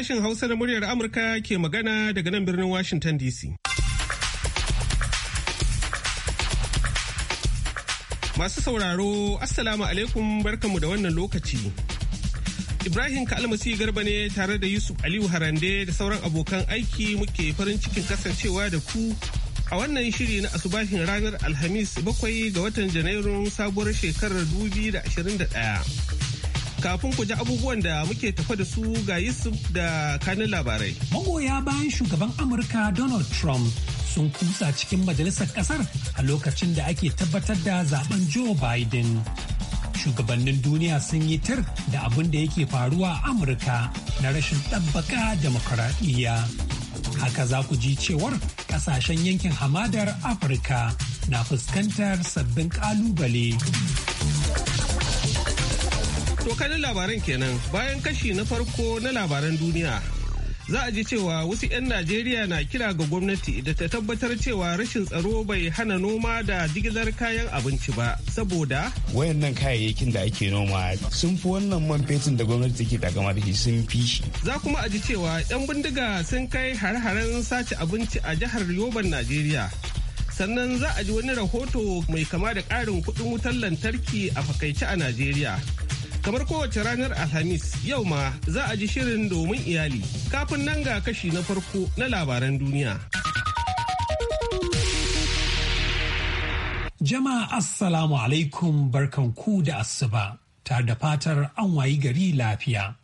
Sashen Hausa na muryar Amurka ke magana daga nan birnin Washington DC. Masu sauraro, Assalamu alaikum barkanmu da wannan lokaci. Ibrahim Kalmasi Garba ne tare da Yusuf Aliyu Harande da sauran abokan aiki muke farin cikin kasancewa da ku a wannan shiri na asubahin ranar Alhamis bakwai ga watan Janairun sabuwar shekarar 2021. Kafin ku ji abubuwan da muke tafa da su ga Yusuf da kanin labarai. Magoya bayan shugaban Amurka Donald Trump sun kusa cikin majalisar kasar a lokacin da ake tabbatar da zaben Joe Biden. Shugabannin duniya sun yi tir da abin da yake faruwa a Amurka na rashin ɗabbaka demokaraɗiyya. Haka za ku ji cewar ƙasashen yankin hamadar Afirka na fuskantar sabbin ƙalubale. To kanin labaran kenan bayan kashi na farko na labaran duniya. Za a ji cewa wasu 'yan Najeriya na kira ga gwamnati da ta tabbatar cewa rashin tsaro bai hana noma da jigilar kayan abinci ba saboda wayannan kayayyakin da ake noma sun fi wannan man fetin da gwamnati take takama da shi sun fi shi. Za kuma a ji cewa 'yan bindiga sun kai har-haren sace abinci a jihar Yoban Najeriya. sannan za a ji wani rahoto mai kama da ƙarin kuɗin wutar lantarki a fakaice a Najeriya. Kamar kowace ranar Alhamis yau ma za a ji shirin domin iyali kafin nan ga kashi na farko na labaran duniya. Jama'a Assalamu alaikum barkanku da asuba tare da fatar an wayi gari lafiya.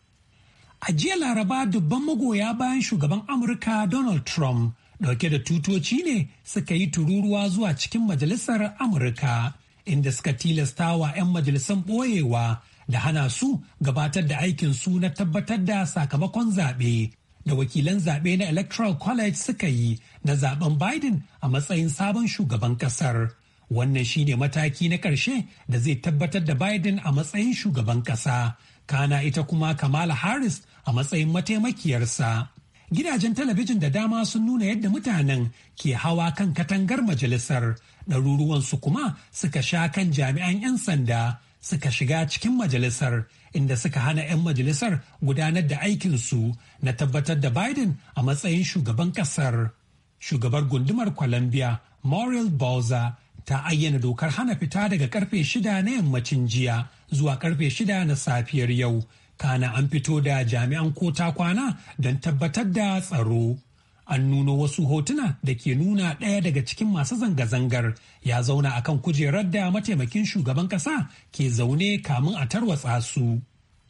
A jiya laraba dubban magoya bayan shugaban Amurka Donald Trump dauke da tutoci ne suka yi tururuwa zuwa cikin majalisar Amurka inda suka tilastawa 'yan majalisan ɓoyewa da hana su gabatar da aikin su na tabbatar da sakamakon zaɓe da wakilan zaɓe na electoral college suka yi na zaben biden a matsayin sabon shugaban ƙasar wannan shine mataki na ƙarshe da zai tabbatar da biden a matsayin shugaban ƙasa kana ita kuma kamala harris a matsayin mataimakiyarsa gidajen talabijin da dama sun nuna yadda mutanen ke hawa kan katangar majalisar ɗaruruwansu kuma suka sha kan jami'an 'yan sanda suka shiga cikin majalisar inda suka hana 'yan majalisar gudanar da aikinsu na tabbatar da Biden a matsayin shugaban kasar. Shugabar gundumar Columbia, moral Bowser, ta ayyana dokar hana fita daga karfe shida na yammacin jiya zuwa karfe shida na safiyar yau. Kana an fito da jami'an kota kwana don tabbatar da tsaro. an nuno wasu hotuna da ke nuna ɗaya daga cikin masu zanga-zangar ya zauna akan kujerar da mataimakin shugaban ƙasa ke zaune kamun a tarwatsa su.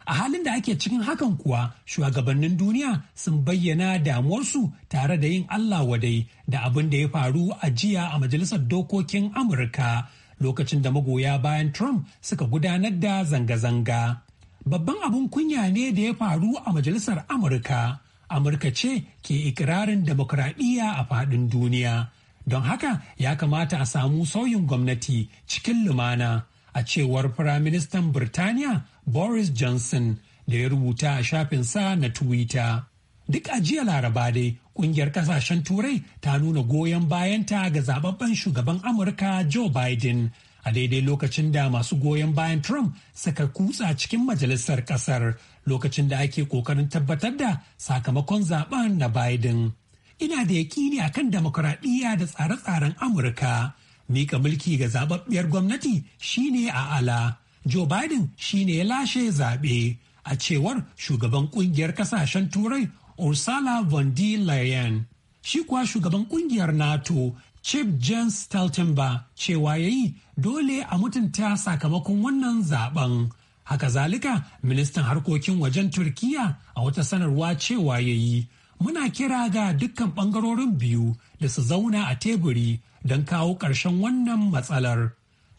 A halin da ake cikin hakan kuwa shugabannin duniya sun bayyana damuwarsu tare da yin Allah wadai da abin da ya faru a jiya a Majalisar Dokokin Amurka lokacin da magoya bayan Trump suka gudanar da zanga-zanga. Babban abin kunya ne da ya faru a Majalisar Amurka. amurka ce ke ikirarin demokradiyya a faɗin duniya don haka ya kamata a samu sauyin gwamnati cikin lumana a cewar firaministan birtaniya boris johnson da ya rubuta a shafinsa na twitter duk a jiya laraba dai kungiyar kasashen turai ta nuna goyon bayanta ga zababben shugaban amurka joe biden a daidai lokacin da masu goyon bayan Trump suka kutsa cikin majalisar kasar lokacin da ake kokarin tabbatar da sakamakon zaben na Biden. Ina da yakini kan demokuraɗiyya da tsare-tsaren Amurka. Mika mulki ga zababbiyar gwamnati shine a ala. Joe Biden shine ya lashe zaɓe a cewar shugaban ƙungiyar kasashen turai Ursula von der Leyen. Shi kuwa shugaban ƙungiyar NATO chief john steltenberg cewa ya yi dole a mutunta sakamakon wannan zaben haka zalika ministan harkokin wajen turkiya a wata sanarwa cewa ya yi muna kira ga dukkan bangarorin biyu da su zauna a teburi don kawo ƙarshen wannan matsalar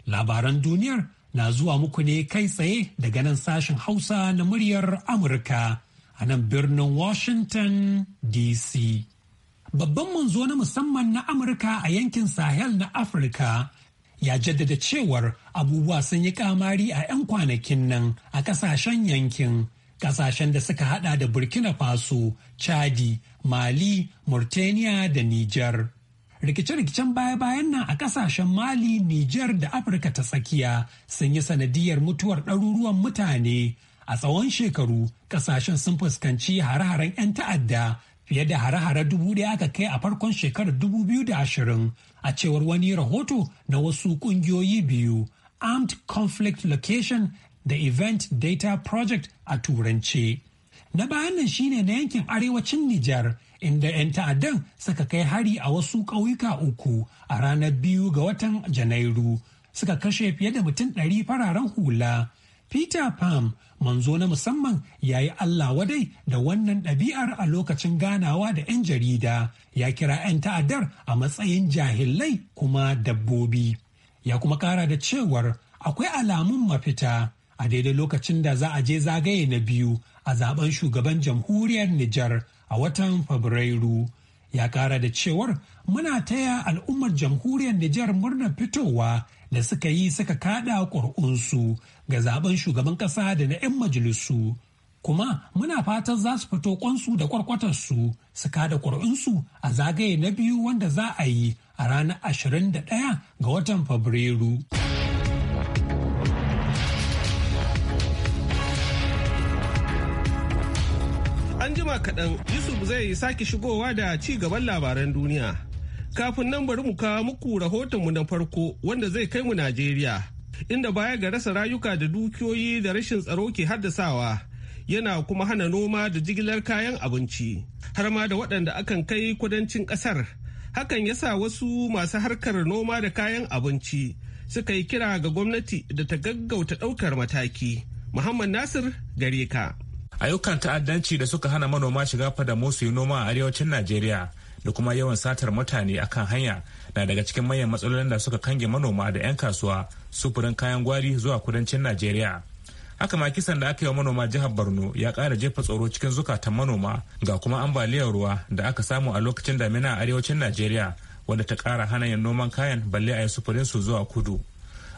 labaran duniyar na zuwa muku ne kai tsaye daga nan sashen hausa na muryar amurka a nan birnin washington dc babban manzo na musamman na Amurka a yankin Sahel na Afirka ya jaddada cewar abubuwa sun yi kamari a 'yan kwanakin nan a kasashen yankin kasashen da suka hada da burkina faso chadi mali mauritania da niger rikice-rikicen baya-bayan nan a kasashen mali niger da afirka ta tsakiya sun yi sanadiyar mutuwar ɗaruruwan mutane a tsawon shekaru kasashen sun fuskanci hare-haren 'yan ta'adda fiye da hare-hare dubu ɗaya aka kai a farkon shekarar dubu biyu da ashirin a cewar wani rahoto na wasu ƙungiyoyi biyu armed conflict location da event data project a turance na bayan nan shine na yankin arewacin nijar inda 'yan ta'addan suka kai hari a wasu ƙauyuka uku a ranar biyu ga watan janairu suka kashe fiye da mutum ɗari fararen hula Peter Pham manzo na musamman ya yi Allah wadai da wannan ɗabi'ar a lokacin ganawa da 'yan jarida ya kira 'yan ta'addar a matsayin jahilai kuma dabbobi. Ya kuma kara da cewar akwai alamun mafita a daidai lokacin da za a je zagaye na biyu a zaben shugaban jamhuriyar Nijar a watan Fabrairu ya kara da cewar muna taya al'ummar jamhuriyar Nijar murnar fitowa da suka yi suka kada ƙuri'unsu ga zaben shugaban ƙasa da na 'yan majalisu kuma muna fatan za su fito kwansu da kwarkwatarsu su kada ƙuri'unsu a zagaye na biyu wanda za a yi a ranar 21 ga watan fabrairu. An jima kaɗan Yusuf zai sake shigowa da ci gaban labaran duniya. Kafin nan bari mu kawo muku rahotonmu na farko wanda zai kai mu Najeriya. Inda baya ga rasa rayuka da dukiyoyi da rashin tsaro ke haddasawa yana kuma hana noma da jigilar kayan abinci har ma da waɗanda akan kai kudancin ƙasar. Hakan ya sa wasu masu harkar noma da kayan abinci suka yi kira ga gwamnati da ta gaggauta ɗaukar mataki. Muhammad Nasir gare ka. ayyukan ta'addanci da suka hana manoma shiga fadamu su yi noma a arewacin najeriya da kuma yawan satar mutane a kan hanya na daga cikin manyan matsalolin da suka kange manoma da 'yan kasuwa sufurin kayan gwari zuwa kudancin najeriya haka ma kisan da aka yi wa manoma jihar borno ya kara jefa tsoro cikin zukatan manoma ga kuma ambaliyar ruwa da aka samu a lokacin damina a arewacin najeriya wanda ta kara hana yin noman kayan balle a yi sufurin su zuwa kudu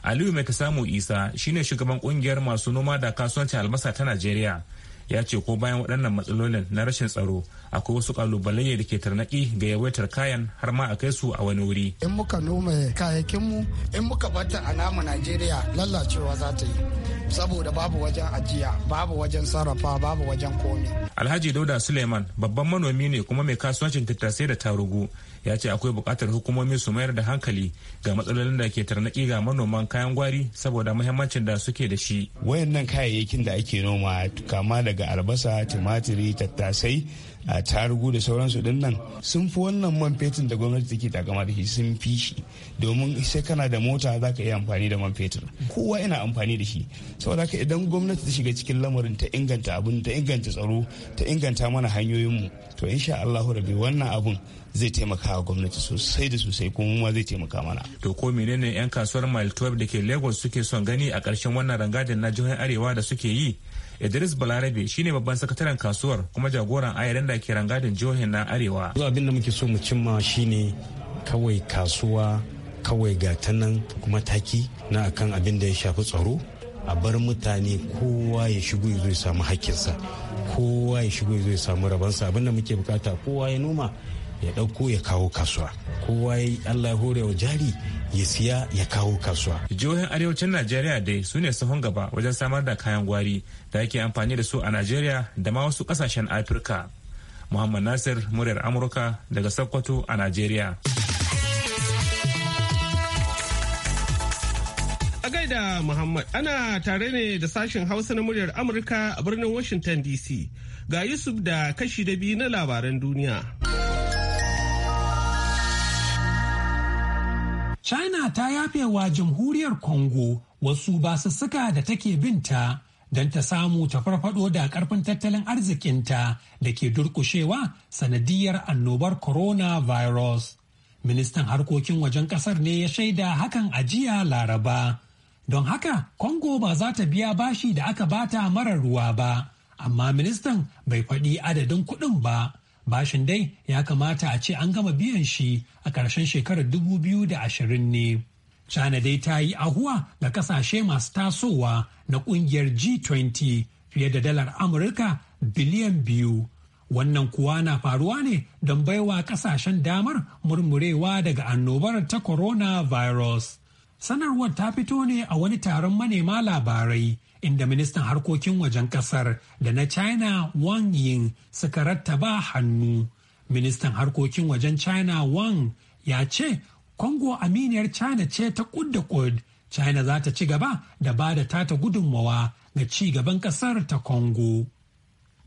aliyu mai ta samu isa shine shugaban kungiyar masu noma da kasuwancin albasa ta najeriya ya ce ko bayan waɗannan matsalolin na rashin tsaro akwai wasu kalubale da ke tarnaki ga yawaitar kayan har ma a kai su a wani wuri in muka noma kayayyakinmu in muka bata a namu najeriya lallacewa za ta yi saboda babu wajen ajiya babu wajen sarrafa babu wajen komi alhaji dauda suleiman babban manomi ne kuma mai kasuwancin tattasai da tarugu ya ce akwai buƙatar hukumomi su mayar da hankali ga matsalolin da ke tarnaki ga manoman kayan gwari saboda muhimmancin da suke da shi wayannan kayayyakin da ake noma kama daga albasa tumatiri tattasai a tarugu da sauransu din nan sun fi wannan man fetur da gwamnati take takama da shi sun fi shi domin sai kana da mota za ka iya amfani da man fetur kowa yana amfani da shi saboda haka idan gwamnati ta shiga cikin lamarin ta inganta abin ta inganta tsaro ta inganta mana hanyoyinmu to insha Allah rabi wannan abun zai taimaka wa gwamnati sosai da sosai kuma ma zai taimaka mana. To ko menene 'yan kasuwar Mile 12 da ke Lagos suke son gani a karshen wannan rangadin na jihohin Arewa da suke yi Idris Balarabe shine babban sakataren kasuwar kuma jagoran ayaran da ke rangadin jihohin na Arewa. Zuwa abin da muke so mu cimma shine kawai kasuwa kawai gata nan mataki na akan abin da ya shafi tsaro a bar mutane kowa ya shigo ya zo ya samu hakkinsa kowa ya shigo ya zo ya samu rabansa abin da muke bukata kowa ya noma ya ɗauko ya kawo kasuwa kowa allah ya hore wa jari ya siya ya kawo kasuwa jihohin arewacin najeriya dai su ne sahun gaba wajen samar da kayan gwari da ake amfani da su a najeriya da ma wasu kasashen afirka muhammad nasir muryar amurka daga sokoto a najeriya gaida Muhammad ana tare ne da sashen Hausa na muryar Amurka a birnin Washington DC. Ga Yusuf da kashi da biyu na labaran duniya. ta yafe wa jamhuriyar Congo wasu basussuka da take binta don ta samu ta farfado da karfin tattalin arzikinta da ke durkushewa sanadiyar annobar coronavirus. Ministan harkokin wajen kasar ne ya shaida hakan a jiya Laraba. Don haka, Congo ba za ta biya bashi da aka bata marar ruwa ba, amma ministan bai faɗi adadin kuɗin ba. Bashin dai ya kamata a ce an gama biyan shi a ƙarshen shekarar dubu biyu da ashirin ne. China dai ta yi ahuwa ga kasashe masu tasowa na ƙungiyar G20 fiye da dalar Amurka biliyan biyu. Wannan kuwa na faruwa ne don baiwa kasashen damar murmurewa daga annobar ta coronavirus. Sanarwar ta fito ne a wani taron manema labarai inda ministan harkokin wajen kasar da na china wang yin suka rattaba hannu ministan harkokin wajen china wang ya ce kongo aminiyar china ce ta ƙudda kud china za ta ci gaba da ba da tata gudunmawa ga ci gaban kasar ta kongo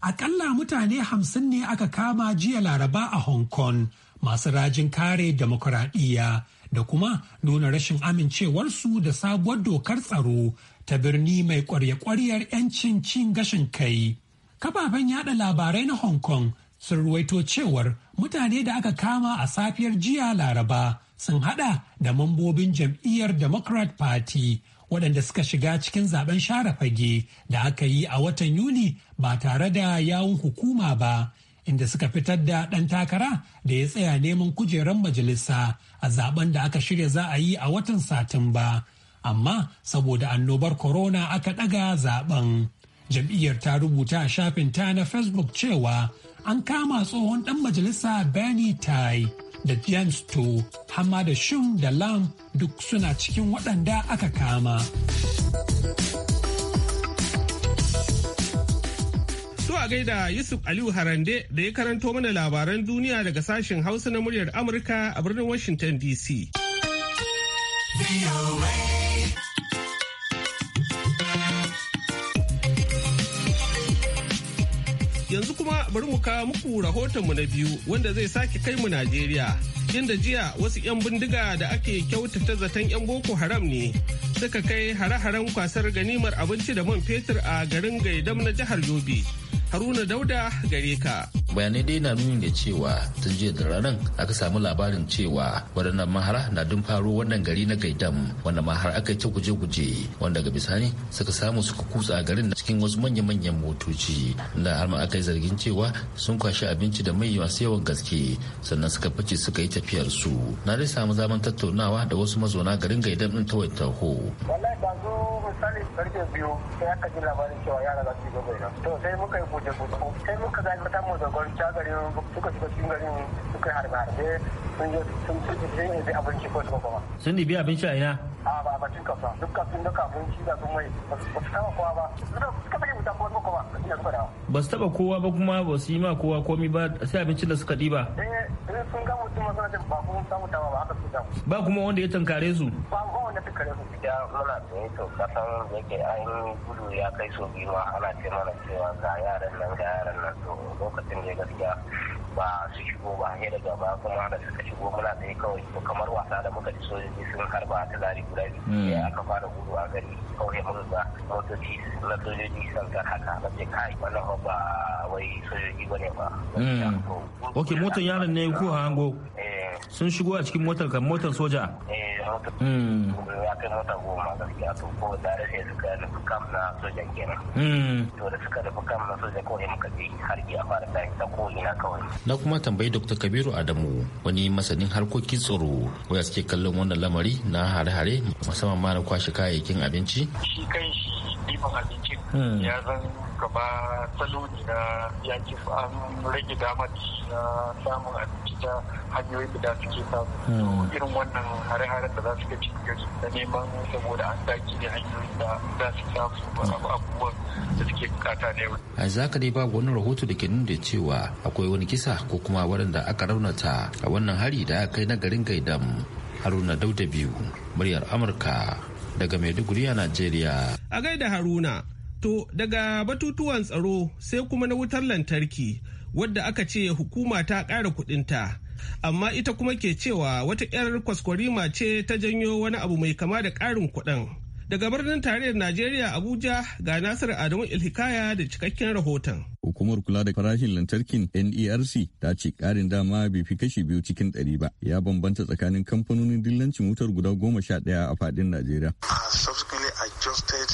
akalla mutane hamsin ne aka kama jiya laraba a hong kong masu rajin kare demokuraɗiyya da kuma nuna rashin amincewarsu da sabuwar dokar tsaro ta birni mai kwarya-kwaryar 'yancin cin gashin kai. Kafafen yada labarai na Hong Kong sun ruwaito cewar mutane da aka kama a safiyar jiya Laraba sun hada da mambobin jam'iyyar Democrat Party waɗanda suka shiga cikin zaben share fage da aka yi a watan Yuni ba tare da yawun hukuma ba inda suka fitar da ɗan takara da ya tsaya neman kujerar majalisa a zaben da aka shirya za a yi a watan satumba amma saboda annobar corona aka ɗaga zaben jam'iyyar ta rubuta a shafin ta na facebook cewa an kama tsohon ɗan majalisa benny tai da james to hama da shun da lam duk suna cikin waɗanda aka kama. a gaida Yusuf Aliyu Harande da ya karanto mana labaran duniya daga sashen Hausa na muryar Amurka a birnin Washington DC. Yanzu kuma bari mu kawo muku rahotonmu na biyu wanda zai sake kai mu Najeriya. Inda jiya wasu 'yan bindiga da ake kyautata zaton 'yan Boko Haram ne suka kai hare-haren kwasar ganimar abinci da man fetur a garin Gaidam na jihar Yobe. Haruna Dauda gare ka. Bayanai dai na nuni da cewa tun jiya da ranar aka samu labarin cewa waɗannan mahara na dun faro wannan gari na Gaidam wanda mahara aka yi ta guje-guje wanda ga bisani suka samu suka kutsa garin cikin wasu manya-manyan motoci da har ma aka yi zargin cewa sun kwashi abinci da mai masu yawan gaske sannan suka fice suka yi tafiyar su. Na dai samu zaman tattaunawa da wasu mazauna garin Gaidam ɗin ta Waitaho. Wallahi misali karfe biyu sai aka ji labarin cewa yara za su yi gobe to sai muka yi buje buje sai muka zai mata mu da gwarci garin suka shiga cikin garin suka yi harbe harbe sun je bi abinci ko su kuma. Sun ɗibi abinci a ina? A ba abincin kasuwa duk kafin duk abinci da sun mai ba su kama kowa ba. Suka take mutan ko kuma ya suka dawo. Ba su taɓa kowa ba kuma ba su yi ma kowa komi ba sai abincin da suka ɗiba. Eh, eh sun ga mutum masu ba kuma samu dawa ba haka su dawo. Ba kuma wanda ya tankare su. Ba kuma wanda tankare su. Ya muna tsaye to kasan yake an gudu ya kai so biyu ana ce mana cewa ga yaran nan ga yaran nan to lokacin ne gaskiya ba su shigo ba ya daga ba kuma da suka shigo muna tsaye kawai to kamar wasa da muka ji sojoji sun harba ta lari guda biyu hmm. aka fara gudu a gari kawai mun ga motoci na sojoji kar haka na ce kai wani ba wai sojoji ne ba. Hmm. ok motar yaron ne ko hango. eh sun shigo a cikin motar kan motar soja eh motar hmm. ya kai mota goma gaskiya to ko da sai suka nufi kam na soja kenan hmm. to da suka nufi kam na soja kawai muka je har a fara tashi ta ko ina kawai na kuma tambayi dr kabiru adamu wani masanin harkokin tsaro wanda suke kallon wannan lamari na hare-hare musamman ma na kwashe kayayyakin abinci shi kai shi ɗiban abincin hmm. ya zan kama salo ne na yaƙi an rage damar na samun abinci ta hanyoyin da su suke samu hmm. irin wannan hare-hare da za su ga cikin da neman saboda an daki ne hanyoyin da za su samu abubuwan da suke bukata da a zaka dai babu wani rahoto da ke nuna cewa akwai wani kisa ko kuma waɗanda aka raunata a wannan hari da aka kai na garin gaidam haruna dauda biyu muryar amurka daga maiduguri a najeriya a gaida haruna To daga batutuwan tsaro sai kuma na wutar lantarki wadda aka ce hukuma ta ƙara kuɗinta. Amma ita kuma ke cewa wata 'yar kwaskwarima ce ta janyo wani abu mai kama da ƙarin kuɗin. Daga birnin tarayyar Najeriya Abuja ga Nasiru Adamu Ilhikaya da cikakken rahoton. Hukumar kula da farashin lantarkin NERC ta ce ƙarin dama bai fi kashi biyu cikin ɗari ba. Ya bambanta tsakanin kamfanonin dillancin wutar guda goma sha ɗaya a faɗin Najeriya. adjusted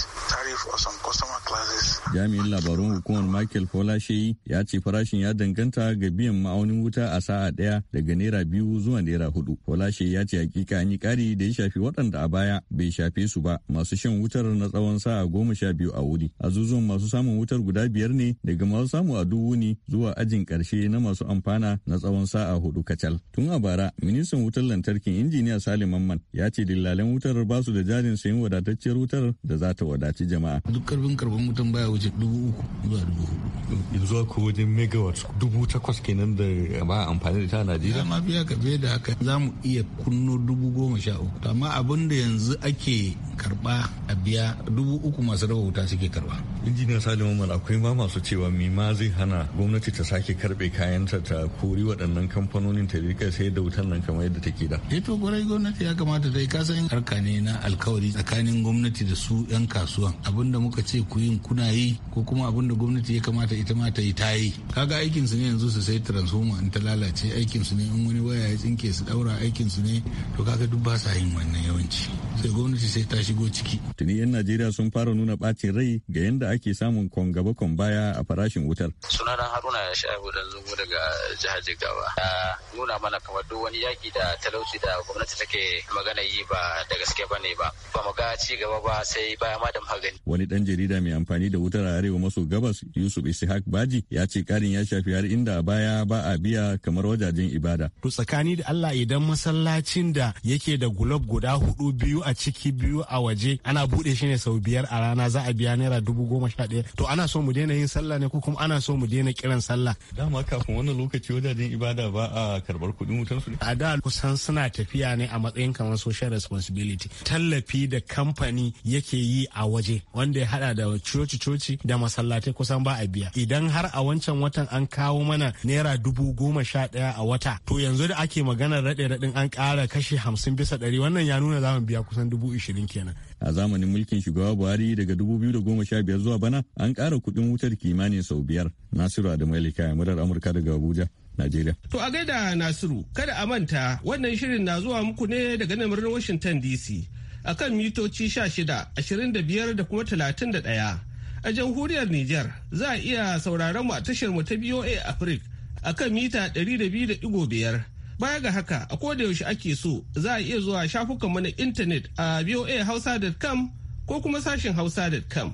jami'in labarun hukumar michael folasheyi ya ce farashin ya danganta ga biyan ma'aunin wuta a sa'a ɗaya daga naira biyu zuwa naira hudu folasheyi ya ce hakika an yi kari da ya shafi waɗanda a baya bai shafe su ba masu shan wutar na tsawon sa'a goma sha biyu a wuri azuzuwan masu samun wutar guda biyar ne daga masu samu a dubu ne zuwa ajin ƙarshe na masu amfana na tsawon sa'a hudu kacal tun a bara ministan wutar lantarki injiniya salim mamman ya ce dillalan wutar ba su da jarin sayan wadatacciyar wutar da za ta wadaci jama'a duk karfin karban wutan baya wajen dubu uku zuwa dubu hudu. yanzu ko wajen megawatt dubu takwas kenan da ba amfani da ta najeriya. ma biya ka da haka za mu iya kunno dubu goma sha uku amma abin da yanzu ake karba a biya dubu uku masu raba wuta suke karba. injiniyar salim umar akwai ma masu cewa mi ma zai hana gwamnati ta sake karbe kayan ta kori waɗannan kamfanonin ta rika sayar da wutan nan kamar yadda take da. eh to gwarai gwamnati ya kamata dai ka san harka ne na alkawari tsakanin gwamnati da su 'yan kasuwan da muka ce ku yin kuna yi ko kuma abinda gwamnati ya kamata ita ma ta yi ta yi kaga aikin su ne yanzu su sai transformer in ta lalace aikin su ne in wani waya ya tsinke su daura aikin su ne to kaga duk ba sa yin wannan yawanci sai gwamnati sai ta shigo ciki. Tuni 'yan Najeriya sun fara nuna bacin rai ga yadda ake samun kwangaba baya a farashin wutar. Sunana Haruna ya sha dan zungu daga jihar Jigawa. Ya nuna mana kamar duk wani yaki da talauci da gwamnati take magana yi ba da gaske ba ne ba. Ba mu ga ci gaba ba sai baya ma da magani. Wani dan jarida mai amfani da wutar a arewa maso gabas Yusuf Ishaq Baji ya ce karin ya shafi har inda a baya ba a biya kamar wajajen ibada. To tsakani da Allah idan masallacin da yake da gulob guda hudu biyu a ciki biyu a a waje ana bude shi ne sau biyar a rana za a biya naira dubu goma sha ɗaya to ana so mu daina yin sallah ne ko kuma ana so mu daina kiran sallah. dama kafin wannan lokaci wajajen ibada ba a karbar kuɗin wutan su. a da kusan suna tafiya ne a matsayin kamar social responsibility tallafi da kamfani yake yi a waje wanda ya haɗa da coci-coci da masallatai kusan ba a biya idan har a wancan watan an kawo mana naira dubu goma sha ɗaya a wata to yanzu da ake maganar raɗe-raɗin an ƙara kashi hamsin bisa ɗari wannan ya nuna za mu biya kusan dubu ishirin kenan. kenan A zamanin mulkin shugaba Buhari daga da goma sha biyar zuwa bana an ƙara kuɗin wutar kimanin sau biyar. Nasiru Adamu Elika murar Amurka daga Abuja. Najeriya. To a gaida Nasiru, kada a manta wannan shirin na zuwa muku ne daga nan birnin Washington DC a kan mitoci sha shida, ashirin da biyar da kuma talatin da ɗaya A jamhuriyar Nijar za a iya sauraron mu a tashar mu ta BOA Africa kan mita biyar. Baya ga haka a koda yaushe ake so za a iya zuwa shafukan na intanet a voahausa.com ko kuma sashin hausa.com.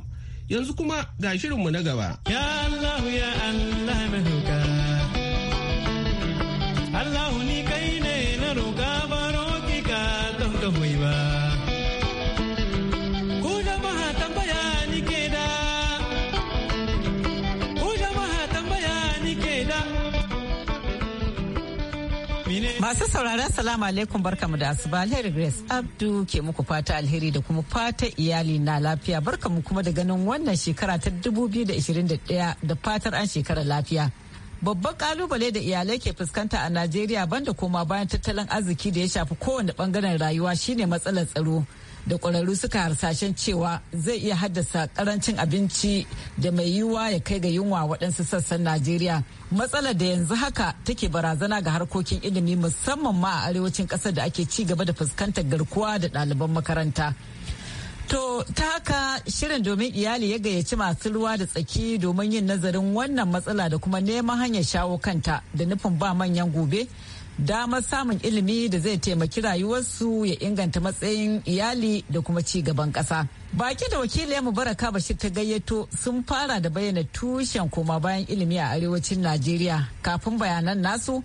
Yanzu kuma ga shirinmu na gaba. Ya Allah ya Allah Allah ni ka Masu sauraren salamu alaikum barka mu da asuba alheri Grace Abdu ke muku fata alheri da kuma fata iyali na lafiya barka mu kuma da ganin wannan shekara ta 2021 da fatar an shekara lafiya. Babban kalubale da iyalai ke fuskanta a Najeriya banda koma bayan tattalin arziki da ya shafi kowane bangaren rayuwa shine matsalar tsaro. da kwararru suka harsashen cewa zai iya haddasa karancin abinci da mai yiwuwa ya kai ga yunwa waɗansu sassan najeriya matsalar da yanzu haka take barazana ga harkokin ilimi musamman ma a arewacin ƙasar da ake ci gaba da fuskantar garkuwa da ɗaliban makaranta To ta haka shirin domin iyali ya gayyaci masu ruwa da tsaki domin yin nazarin wannan matsala da kuma neman hanyar shawo kanta da nufin ba manyan gobe damar samun ilimi da zai taimaki rayuwarsu ya inganta matsayin iyali da kuma ci gaban ƙasa. Baki da wakilin Baraka Bashir ta gayyato sun fara da bayyana tushen koma bayan ilimi a arewacin Najeriya kafin bayanan nasu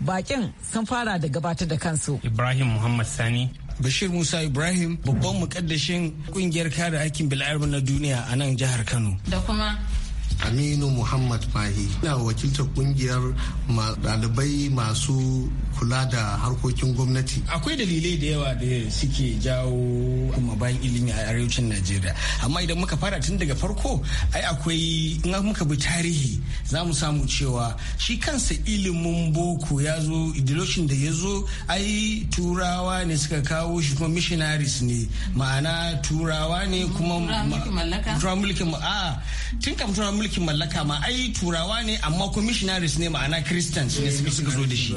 bakin sun fara da gabatar da kansu. Ibrahim Muhammad Sani Bashir Musa Ibrahim babban mukaddashin kungiyar kare aikin bil'adama na duniya a nan jihar Kano. Da kuma aminu muhammad fahi na wakiltar kungiyar dalibai masu kula da harkokin gwamnati akwai dalilai da yawa da suke jawo kuma bayan ilimi a arewacin najeriya amma idan muka fara tun daga farko ai akwai in muka bi tarihi za mu samu cewa shi kansa ilimin boko ya zo idiloshin da ya zo ai turawa ne suka kawo shi kuma missionaries ne ma'ana turawa ne kuma mulkin mulkin mallaka ma ai turawa ne amma ko ne ma'ana christians ne suka suka zo da shi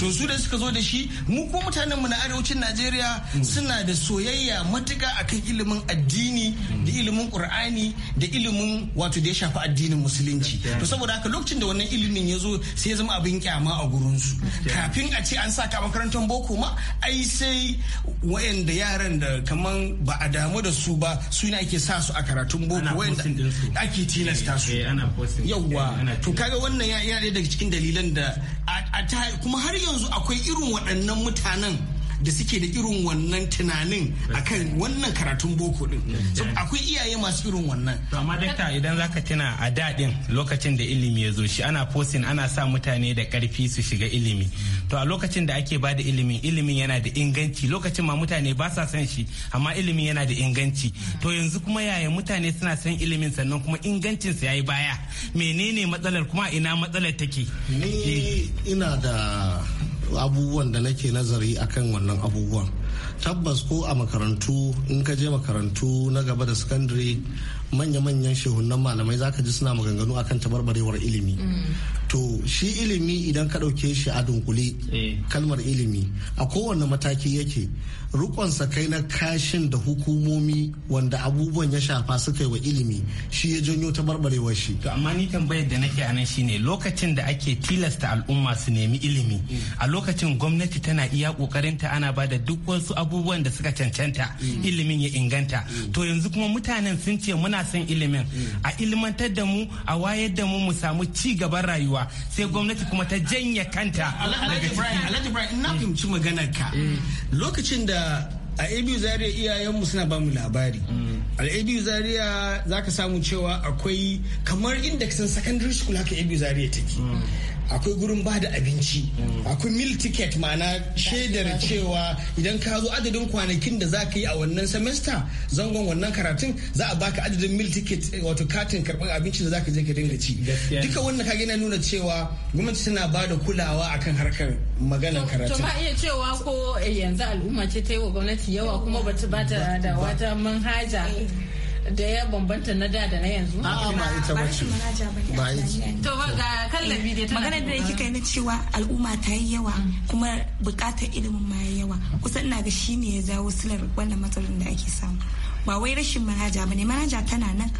to su da suka zo da shi mu ko mutanen mu na arewacin najeriya suna da soyayya matuka akan ilimin addini da ilimin qur'ani da ilimin wato da ya shafi addinin musulunci to saboda haka lokacin da wannan ilimin ya zo sai ya zama abin kyama a gurin su kafin a ce an saka ka makarantar boko ma ai sai wayanda yaran da kaman ba a damu da su ba su ne ake sa su a karatun boko wayanda ake tilasta su Eh, eh, yawwa eh, to kaga wannan ya daga cikin dalilan da kuma har yanzu akwai irin waɗannan mutanen da suke da irin wannan tunanin akan wannan karatun boko din akwai iyaye masu irin wannan to amma dakta idan zaka tuna a daɗin lokacin da ilimi ya zo shi ana posting ana sa mutane da karfi su shiga ilimi to a lokacin da ake bada ilimi ilimi yana da inganci lokacin ma mutane ba sa son shi amma ilimi yana da inganci to yanzu kuma yaya mutane suna son ilimin sannan kuma ingancinsa yi baya menene matsalar kuma ina matsalar take ni eh. ina da abubuwan da nake nazari akan wannan abubuwan tabbas ko a makarantu in ka je makarantu na gaba da sakandare manya-manyan shehunan malamai za ka ji suna maganganu akan tabarbarewar ilimi to shi ilimi idan ka ɗauke shi a dunkule eh. kalmar ilimi a kowane mataki yake rukonsa kai na kashin da hukumomi wanda abubuwan ya shafa suka yi wa ilimi shi ya janyo ta barbarewar shi to amma ni tambayar da nake anan shine lokacin da ake tilasta al'umma su nemi ilimi mm. a lokacin gwamnati tana iya kokarinta ana ba da duk wasu abubuwan da suka cancanta mm. ilimin ya inganta mm. to yanzu kuma mutanen sun ce muna son ilimin a ilmantar da mu a wayar da mu mu samu ci gaban rayuwa sai gwamnati kuma ta janye kanta alhaji ibrahim ina fahimci maganar ka eh. lokacin da a abu zaria iyayenmu suna ba mu labari mm. a abu zaria za ka samu cewa akwai kamar inda kasan secondary school haka abu zaria take mm. akwai gurin ba da abinci akwai mil ticket ma'ana shaidar cewa idan ka zo adadin kwanakin da za ka yi a wannan semester zangon wannan karatun za a baka adadin mil ticket eh, wato katin karɓar abinci da za ka je ka dinga ci duka wannan kage na nuna cewa gwamnati tana ba da kulawa akan harkar maganar karatu. to ma iya cewa ko eh, yanzu al'umma ce ta yi wa gwamnati yawa kuma ba ta da wata manhaja eh. da ya bambanta na da da na yanzu a'a ba ita ba ce ba ita ba ga bidiyo ta magana da kika kai na cewa al'umma ta yi yawa mm. kuma bukatar ilimin ma ya yawa mm. kusan ina ga shi ne ya jawo silar wannan matsalolin da ake samu ba wai rashin ba ne manhaja tana nan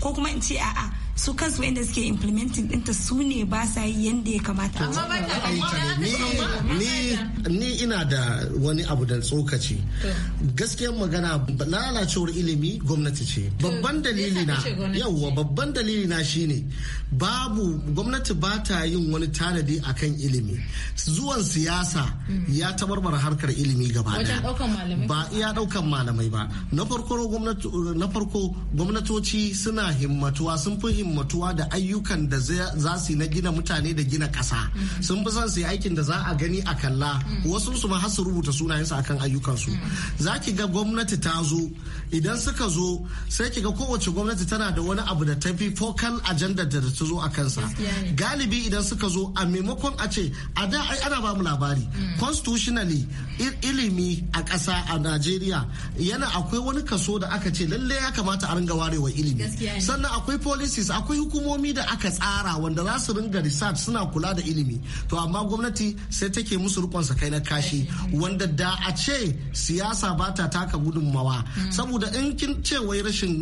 ko kuma in ce a'a su kansu wanda suke implementing dinta su ne ba sa yi yadda ya kamata. Ni ina da wani abu da tsokaci. Gaskiyar magana lalacewar ilimi gwamnati ce. Babban dalili na yawwa babban dalili na shine babu gwamnati ba ta yin wani tanadi a kan ilimi. Zuwan siyasa hmm. ya tabarbar harkar ilimi gaba Ba iya daukan malamai ba. Na farko gwamnatoci suna himmatuwa sun fi mutuwa da ayyukan da za su na gina mutane da gina kasa mm-hmm. sun fi son su yi aikin da za a gani a kalla mm-hmm. wasu su ma su rubuta sunayensu akan ayyukansu mm-hmm. za ki ga gwamnati ta zo idan suka zo sai ki ga kowace gwamnati tana da wani abu da ta fi focal agenda da ta zo a kansa galibi idan suka zo a maimakon a ce a da ai ana ba mu labari mm. constitutionally ilimi a ƙasa a Najeriya yana akwai wani kaso da aka ce lalle ya kamata a ringa warewa ilimi sannan akwai policies akwai hukumomi da aka tsara wanda za su ringa research suna kula da ilimi to amma gwamnati sai take musu rikon kai na kashi wanda da a ce siyasa ba ta taka gudunmawa saboda in kin ce wai rashin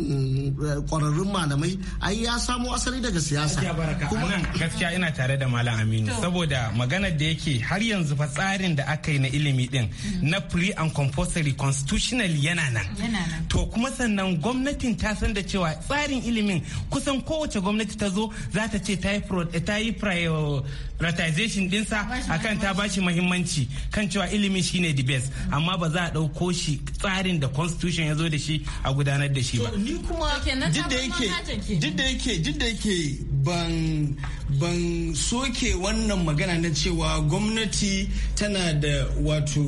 eh, kwararrun malamai ai ya samo asali daga siyasa kuma gaskiya ina tare da malam aminu saboda maganar da yake har yanzu fa tsarin da aka yi na ilimi din na pre and compulsory constitutional yana nan to kuma sannan gwamnatin ta san da cewa tsarin ilimin kusan ko kowace gwamnati ta zo za ta ce ta yi prioritization dinsa kan ta bashi mahimmanci kan cewa ilimi shine the best amma ba za a ɗauko shi tsarin da constitution ya zo da shi a gudanar da shi ba. ni kuma yake ban soke wannan magana na cewa gwamnati tana da wato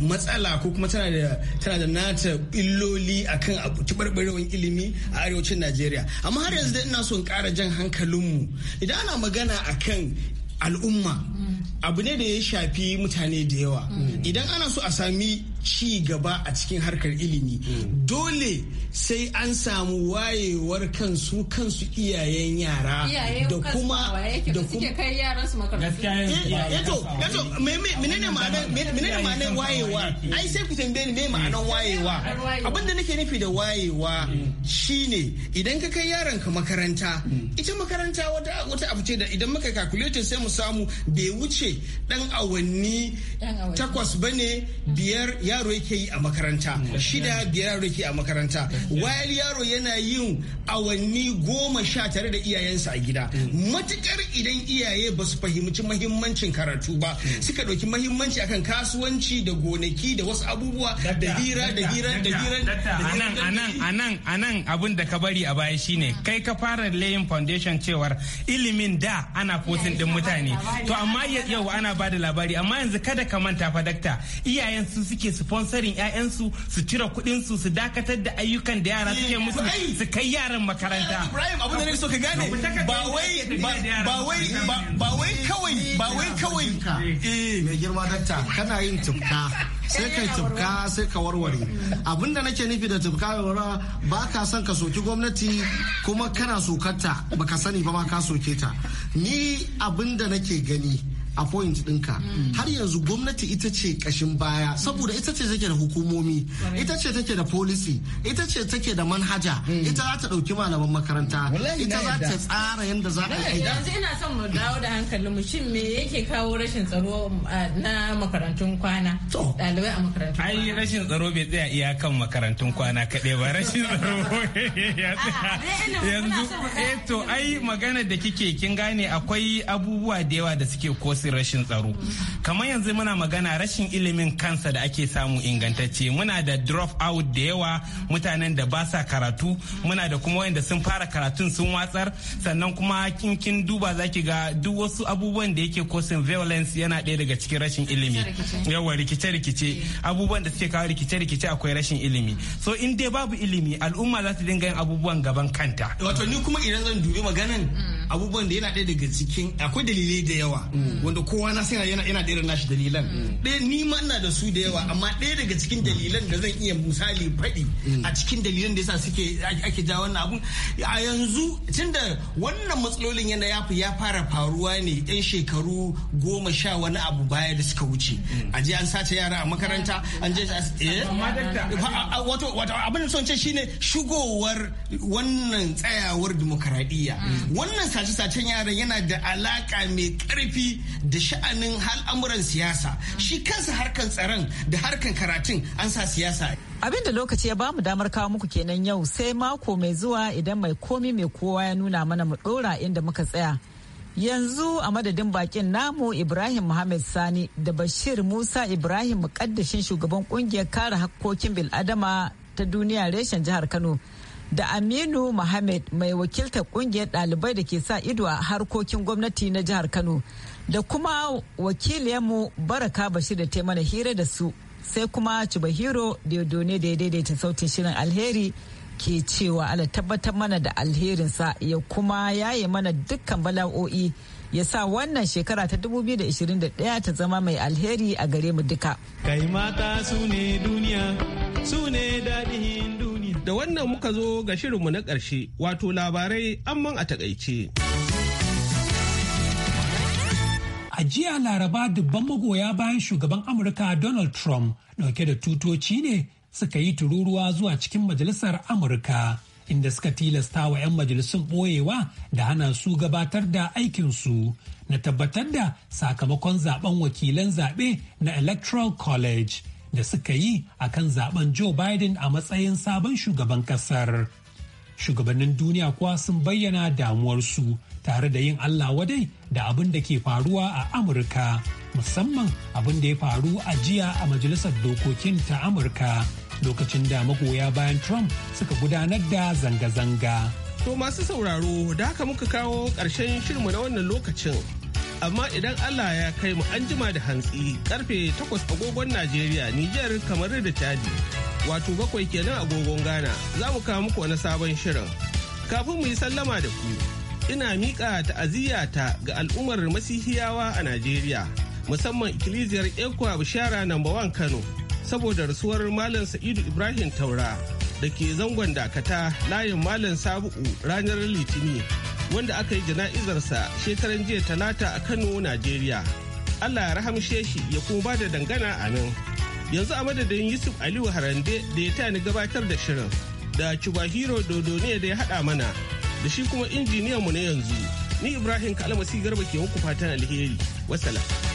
matsala ko kuma tana da tana da nata illoli akan abu tabarbarewan ilimi a arewacin Najeriya amma har yanzu dai ina so in ƙara jan hankalinmu idan ana magana akan al'umma mm. abu ne da ya shafi mutane da yawa mm. idan ana so a sami ci gaba a cikin harkar ilimi dole sai an samu wayewar kansu kansu iyayen yara da kuma da kuma kai yaran su makarantu yato yato menene ma'anar menene wayewa ai sai ku tambaye ni me ma'anar wayewa abinda nake nufi da wayewa mm. shine idan ka kai yaron ka makaranta mm. ita makaranta wata wata abu ce da idan muka calculate sai mu samu bai wuce dan awanni takwas bane biyar yaro yake yi a makaranta mm. shida biyar yaro yake a makaranta mm. wayar yaro yana yin awanni goma sha tare da iyayensa a gida mm. matukar idan iyaye ba su fahimci mahimmancin karatu ba suka ɗauki mahimmanci akan kasuwanci da gonaki da wasu abubuwa da hira da hira da hira anan anan anan anan abin da ka bari a baya shine kai ka fara layin foundation cewar ilimin da ana fotin din mutane to amma yau ana ba da labari amma yanzu kada ka manta fa dakta iyayen su suke Sponsoring ƴaƴansu su cire kuɗin su su dakatar da ayyukan da yara suke musu su kai yaran makaranta Ibrahim abin da nake so ka gane ba wai ba wai ba wai kawai ba wai kawai eh mai girma dakta kana yin tufka sai kai tufka sai ka warware abin da nake nufi da tufka warware ba ka son ka soki gwamnati kuma kana sokarta baka sani ba ma ka soke ta ni abin da nake gani a point ɗinka mm. har yanzu gwamnati ita ce kashin baya saboda ita ce take da hukumomi ita ce take da policy ita ce take da manhaja mm. ita za ta ɗauki malaman makaranta ita za ta tsara yadda za a yi yanzu ina son mu dawo da hankali mu shin me yake kawo rashin tsaro na makarantun kwana ɗalibai a makarantun kwana ai rashin tsaro bai tsaya iyakan makarantun kwana kaɗai ba rashin tsaro yanzu eh to ai magana da kike kin gane akwai abubuwa da yawa da suke kosai cikin rashin tsaro kamar yanzu muna magana rashin ilimin kansa da ake samu ingantacce muna da drop out da yawa mutanen da ba sa karatu muna da kuma wanda sun fara karatun sun watsar sannan kuma kinkin duba zaki ga duk wasu abubuwan da yake kosin violence yana ɗaya daga cikin rashin ilimi yawa rikice-rikice abubuwan da suke kawo rikice-rikice akwai rashin ilimi so in dai babu ilimi al'umma za su dinga yin abubuwan gaban kanta wato ni kuma idan zan dubi maganan mm. abubuwan da yana ɗaya daga cikin akwai dalilai da yawa mm. wanda kowa na sai yana yana da irin nashi dalilan mm. ɗaya ni ma ina da su da yawa amma ɗaya daga cikin dalilan da zan iya misali faɗi mm. a cikin dalilan da yasa suke ake ja wannan abun a yanzu tunda wannan matsalolin yana ya fara faruwa ne yan shekaru goma sha wani abu baya da suka wuce mm. a je an sace yara a makaranta an je eh? wato wato abin da son ce shine shigowar wannan tsayawar dimokuraɗiyya wannan sace-sacen yaran yana da alaka mai ƙarfi. da sha'anin al'amuran siyasa shi kansa harkan tsaron da harkan karatun an sa siyasa abin da lokaci ya bamu damar kawo muku kenan yau sai mako mai zuwa idan mai komi mai kowa ya nuna mana mu dora inda muka tsaya yanzu a madadin bakin namu ibrahim muhammad sani da bashir musa ibrahim mukaddashin shugaban kungiyar kare hakkokin bil'adama ta duniya reshen jihar kano da aminu muhammad mai wakiltar kungiyar dalibai da ke sa ido a harkokin gwamnati na jihar kano da kuma wakiliyarmu baraka bashir da ta mana hira da su sai kuma Chubahiro Diodone da ya daidaita sautin shirin alheri ke cewa ala tabbatar mana da alherinsa ya kuma yaye mana dukkan bala'o'i ya sa wannan shekara ta 2021 ta zama mai alheri a gare mu duka. Kai su ne duniya, su ne daɗin duniya. Da wannan muka zo ga shirinmu na ƙarshe, wato labarai amman a takaice. A jiya Laraba dubban magoya bayan shugaban Amurka Donald Trump dauke da tutoci ne suka yi tururuwa zuwa cikin majalisar Amurka inda suka tilasta wa 'yan majalisun ɓoyewa da hana su gabatar da aikinsu na tabbatar da sakamakon zaben wakilan zaɓe na Electoral College da suka yi a kan zaben Joe Biden a matsayin sabon shugaban ƙasar. Shugabannin duniya kuwa sun bayyana damuwarsu tare da yin Allah wadai da abin da ke faruwa a Amurka musamman abin da ya faru a jiya a Majalisar Dokokin ta Amurka lokacin da magoya bayan Trump suka gudanar da zanga-zanga. To masu sauraro da haka muka kawo ƙarshen shirmu na wannan lokacin. amma idan Allah ya kai mu an jima da hantsi karfe takwas agogon Najeriya, Nijar kamar da Chadi. Wato bakwai kenan agogon Ghana za mu kawo muku wani sabon shirin. Kafin mu yi sallama da ku, ina miƙa ta'aziyyata ga al'ummar masihiyawa a Najeriya, musamman Ikilisiyar Ekwa Bishara number one Kano, saboda rasuwar Malam Sa'idu Ibrahim Taura da ke zangon dakata layin Malam Sabu'u ranar Litini, wanda aka yi jana'izarsa shekaran jiya talata a Kano, Najeriya. Allah ya rahamshe shi ya kuma bada dangana a nan. Yanzu a madadin Yusuf Aliyu Harande da ya tani gabatar da shirin da Chubahiro Dodo ne da ya haɗa mana. da shi kuma injiniyanmu na yanzu ni ibrahim kalmasi garba ke muku fatan alheri wasala.